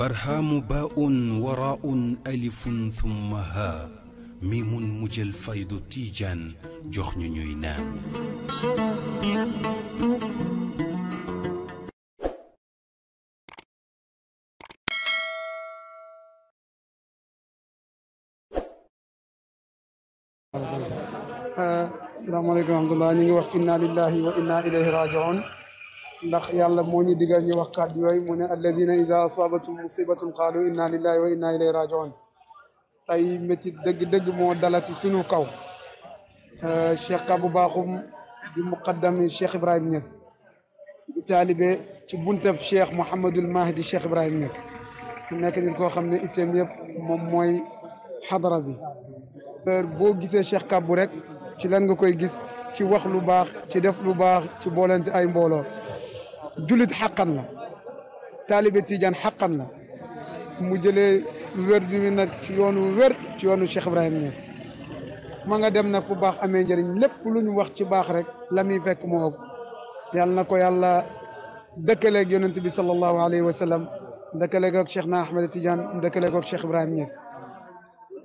برهام باء وراء ألف ثم ها ميم مجل فيض تيجان جخن نينان آه، السلام عليكم ورحمة الله وبركاته إنا لله وإنا إليه راجعون ndax yàlla moo ñu digal ñu wax kàddu yooyu mu ne alladina ida asabatum musibatun qaalu inna lillahi wa inna ilayhi rajiun tey métit dëgg-dëgg moo dalati sunu kaw euh, cheikh abu baaxum di muqaddami cheikh ibrahim Niass di taalibe ci buntab cheikh mouhamadul mahdi cheikh ibrahim Niass nekk nit koo xam ne moom mooy xadara bi heure boo gisee cheikh kabbu rek ci lan nga koy gis ci wax lu baax ci def lu baax ci boolente ay mbooloo julit xaqan la taalibe Tidiane xaqan la mu jëlee wérdu wi nag ci yoonu wér ci yoonu Cheikh Ibrahim Niass ma nga dem nag fu baax amee njëriñ lépp lu ñu wax ci baax rek la muy fekk moo ëpp yàlla na ko yàlla dëkkaleeg yonent bi sallallahu alayhi wa sallam dëkkaleeg ak Cheikh na Ahmed Tidiane dëkkaleeg ak Cheikh Ibrahim Niass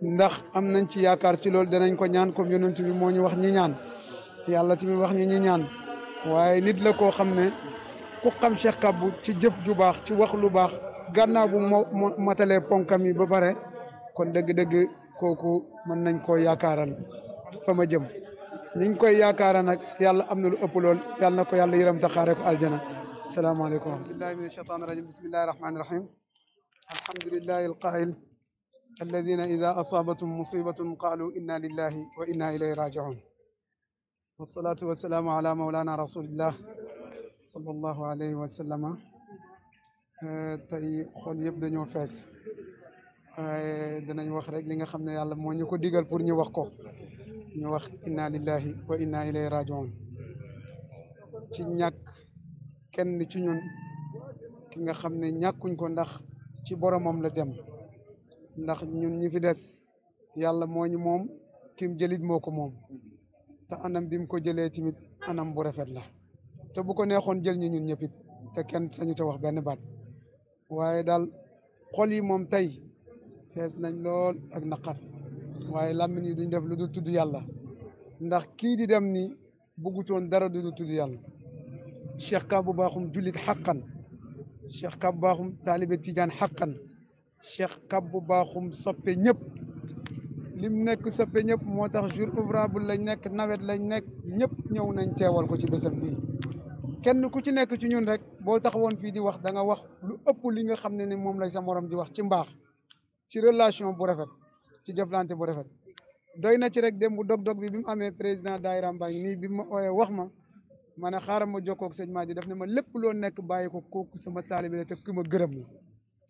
ndax am nañ ci yaakaar ci loolu danañ ko ñaan comme yonent bi moo ñu wax ñi ñaan yàlla tamit wax ñu ñi ñaan waaye nit la koo xam ne ku xam Cheikh Kabou ci jëf ju baax ci wax lu baax gannaaw bu mo matalee ponkam yi ba pare kon dëgg-dëgg kooku mën nañ koo yaakaaral fa ma jëm niñ koy yaakaara nag yàlla am na lu ëpp lool yàlla na ko yàlla yërëm ta xaaree ko aljana salaamaaleykum wa rahmatullahi min ashaitan irajim bismillahi rahmani rahim alhamdulillahi alqail alladina ida asaabatum musibatum qaalu inna lillahi wa inna ilayhi rajiun wasalaatu wasalaamu ala maulana rasulillah sallallahu alayhi wa sallam eh, tey xol yëpp dañoo fees waaye dinañ wax rek li nga xam ne yàlla moo ñu ko digal pour ñu wax ko ñu wax inna lillahi wa inna ilayhi rajiun ci ñàkk kenn ci ñun ki nga xam ne ñàkkuñ ko ndax ci boromam la dem ndax ñun ñi fi des yàlla moo ñu moom kim jëlit moo ko moom te anam bi ko jëlee tamit anam bu rafet la te bu ko neexoon jël ñu ñun ñëpp it te kenn sañu te wax benn baat waaye daal xol yi moom tey fees nañ lool ak naqar waaye làmmiñ yi duñ def lu dul tudd yàlla ndax kii di dem nii bëggutoon dara du dul tudd yàlla cheikh ka bu baaxum jullit xaqan cheikh ka baaxum taalibe tijaan xaqan cheikh ka bu baaxum soppe ñëpp lim nekk soppe ñëpp moo tax jour ouvrable lañ nekk nawet lañ nekk ñëpp ñëw nañ teewal ko ci bésam bii kenn ku ci nekk ci ñun rek boo tax taxawoon fii di wax danga wax lu ëpp li nga xam ne ne moom lay sa morom di wax ci mbaax ci relation bu rafet ci jëflante bu rafet doy na ci rek dem bu dog-dog bi bi mu amee président daayira mbaa ngi nii bi ma ooyee wax ma ma ne xaaral ma jokkoo ak sëñ Madi def ne ma lépp loo nekk bàyyi ko kooku sama taalibe la te ku ma gërëm la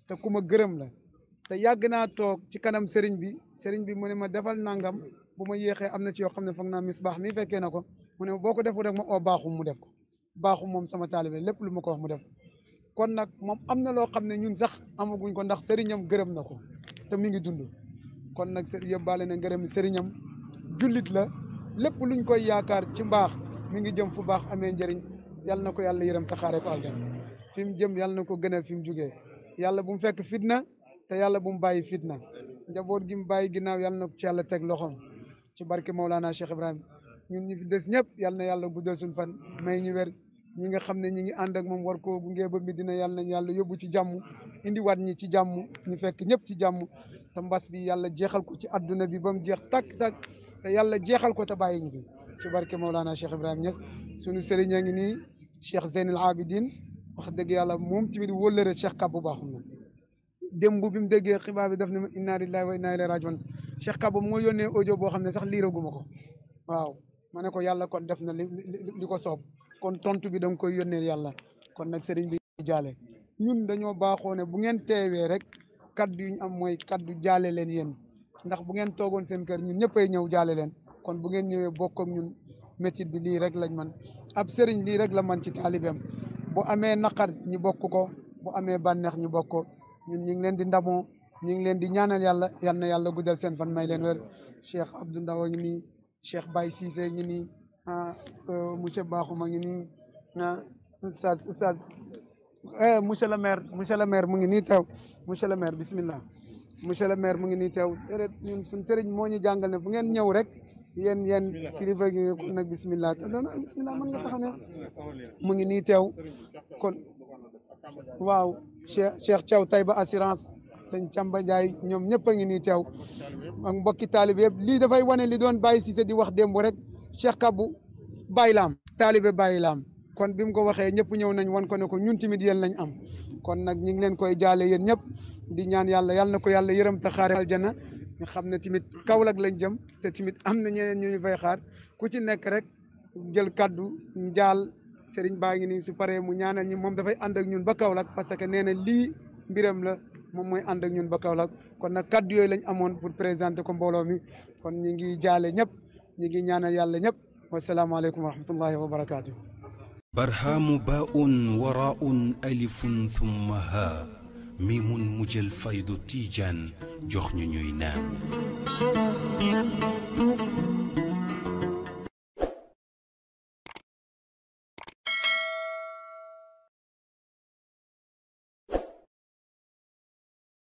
te ku ma gërëm la te yàgg naa toog ci kanam sëriñ bi seriñ bi mu ne ma defal nangam bu ma yeexee am na ci yoo xam ne foog naa misbaax mi fekkee na ko mu ne boo ko defu rek ma oo baaxum mu def ko baaxu moom sama taalibe lépp lu ma ko wax mu def kon nag moom am na loo xam ne ñun sax amaguñ ko ndax sëriñam gërëm na ko te mi ngi dund kon nag yóbbaale na ngërëm sëriñam jullit la lépp luñ koy yaakaar ci mbaax mi ngi jëm fu baax amee njëriñ yàlla na ko yàlla yërëm taxaare ko jam fi mu jëm yàlla na ko gënal fi mu jugee yàlla bu mu fekk fitna te yàlla bu mu bàyyi fitna njaboot gi mu bàyyi ginnaaw yàlla na ko ci teg loxoom ci barke Maulana Cheikh Ibrahima ñun ñi fi des ñëpp yàlla na yàlla guddal suñ fan may ñu wér ñi nga xam ne ñi ngi ànd ak moom war koo gunge ba Medina yàlla nañ yàlla yóbbu ci jàmm indiwaat ñi ci jàmm ñu fekk ñëpp ci jàmm tambas mbas bi yàlla jeexal ko ci adduna bi ba mu jeex takk takk te yàlla jeexal ko te bàyyi ñu bi ci barke Maulana Cheikh Ibrahima Niass sunu sëriñ a ngi nii Cheikh Zeynal Abidin wax dëgg yàlla moom tamit wóllëre Cheikh Kabou baaxum na démb bi mu déggee xibaar bi daf ne ma inna lillahi wa inna ilayhi rajiun Cheikh Kabou moo yónnee audio boo xam ne sax ko waaw ma ne ko yàlla kon def na li ko soob kon tontu bi da koy yónneel yàlla kon nag sëriñ bi jaale ñun dañoo baaxoo ne bu ngeen teewee rek kaddu yu ñu am mooy kaddu jaale leen yéen ndax bu ngeen toogoon seen kër ñun ñëppay ñëw jaale leen kon bu ngeen ñëwee bokk ak ñun métit bi lii rek lañ man ab sëriñ lii rek la man ci taalibeem bo amee naqar ñu bokk ko bu amee bànneex ñu bokk ñun ñu ngi leen di ndamoo ñu ngi leen di ñaanal yàlla yal na yàlla guddal seen fan may leen wér Cheikh Abdou Ndaw ngi nii Cheikh Baye Cissé ngi nii monsieur Bakhoum a ngi nii oustaz oustaz eh monsieur le maire monsieur le maire mu ngi nii teew monsieur le maire bismillah monsieur le maire mu ngi nii teew déedéet ñun suñ sëriñ moo ñu jàngal ne bu ngeen ñëw rek yen yéen kilifa gi kon bismillah non bismillah mën nga taxaw ne mu ngi nii teew kon waaw Cheikh Cheikh Thiaw Taïba assurance sëñ Camba Ndiaye ñoom ñëpp a ngi nii teew ak mbokki taalib yëpp lii dafay wane li doon bàyyi Cissé di wax rek Cheikh Kabou Baye Lam taalibe Baye Lam kon bi mu ko waxee ñëpp ñëw nañ wan ko ne ko ñun tamit yen lañ am kon nag ñu ngi leen koy jaale yéen ñëpp di ñaan yàlla yàlla na ko yàlla yërëm te xaare jana ñu xam ne tamit Kaolack lañ jëm te tamit am na ñeneen ñu xaar ku ci nekk rek jël kaddu njaal Serigne baa ngi nii su paree mu ñaanal ñi moom dafay ànd ñun ba Kaolack parce que nee na lii mbiram la moom mooy ànd ak ñun ba Kaolack kon nag kaddu yooyu lañ amoon pour présenter ko mbooloo mi kon ñu ngi jaale ñëpp. نيغي نيانال والسلام عليكم ورحمه الله وبركاته برهام باء وراء الف ثم ها ميم مجل فيض تيجان جوخ نيوي